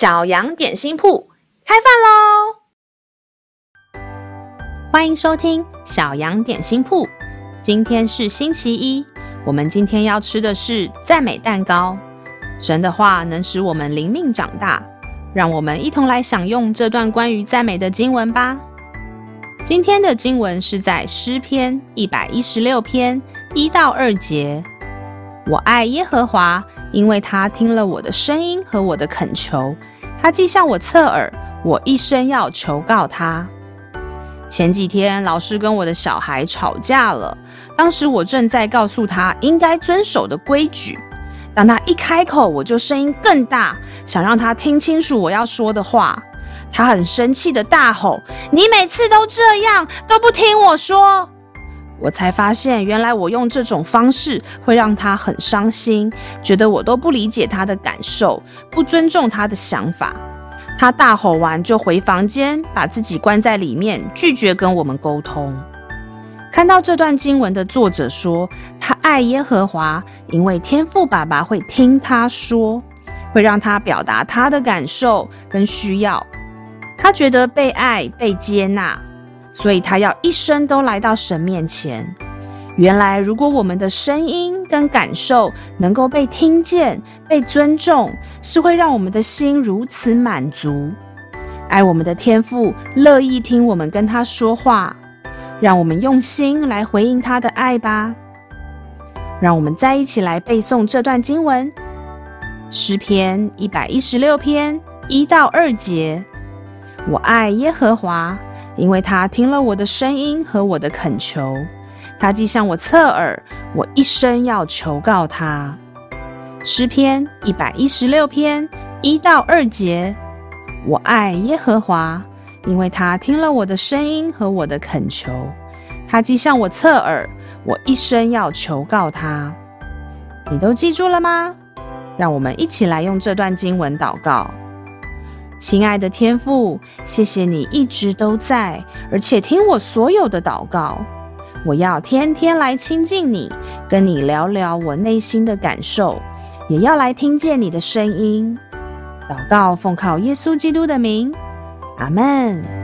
小羊點心鋪開飯嘍！歡迎收聽小羊點心鋪。今天是星期一，我們今天要吃的是讚美蛋糕。神的話能使我們靈命長大，讓我們一同來享用這段關於讚美的經文吧。今天的經文是在詩篇一百一十六篇一到二節。我愛耶和華。因為他聽了我的聲音和我的懇求，他既向我側耳。我一生要求告他。前幾天，老師跟我的小孩吵架了。當時我正在告訴他應該遵守的規矩，當他一開口，我就聲音更大，想讓他聽清楚我要說的話。他很生氣地大吼：“你每次都這樣，都不聽我說！”我才發現，原來我用這種方式會讓他很傷心，覺得我都不理解他的感受，不尊重他的想法。他大吼完就回房間，把自己關在裡面，拒絕跟我們溝通。看到這段經文的作者說，他愛耶和華，因為天父爸爸會聽他說，會讓他表達他的感受跟需要。他覺得被愛、被接納。所以他要一生都來到神面前。原來，如果我們的聲音跟感受能夠被聽見、被尊重，是會讓我們的心如此滿足。愛我們的天父樂意聽我們跟他說話，讓我們用心來回應他的愛吧。讓我們再一起來背誦這段經文：詩篇一百一十六篇一到二節。我愛耶和華。因為他聽了我的聲音和我的懇求，他既向我側耳，我一生要求告他。詩篇一百一十六篇一到二節：我愛耶和華，因為他聽了我的聲音和我的懇求，他既向我側耳，我一生要求告他。你都記住了嗎？讓我們一起來用這段經文禱告。親愛的天父，謝謝你一直都在，而且聽我所有的禱告。我要天天來親近你，跟你聊聊我內心的感受，也要來聽見你的聲音。禱告奉靠耶穌基督的名，阿門。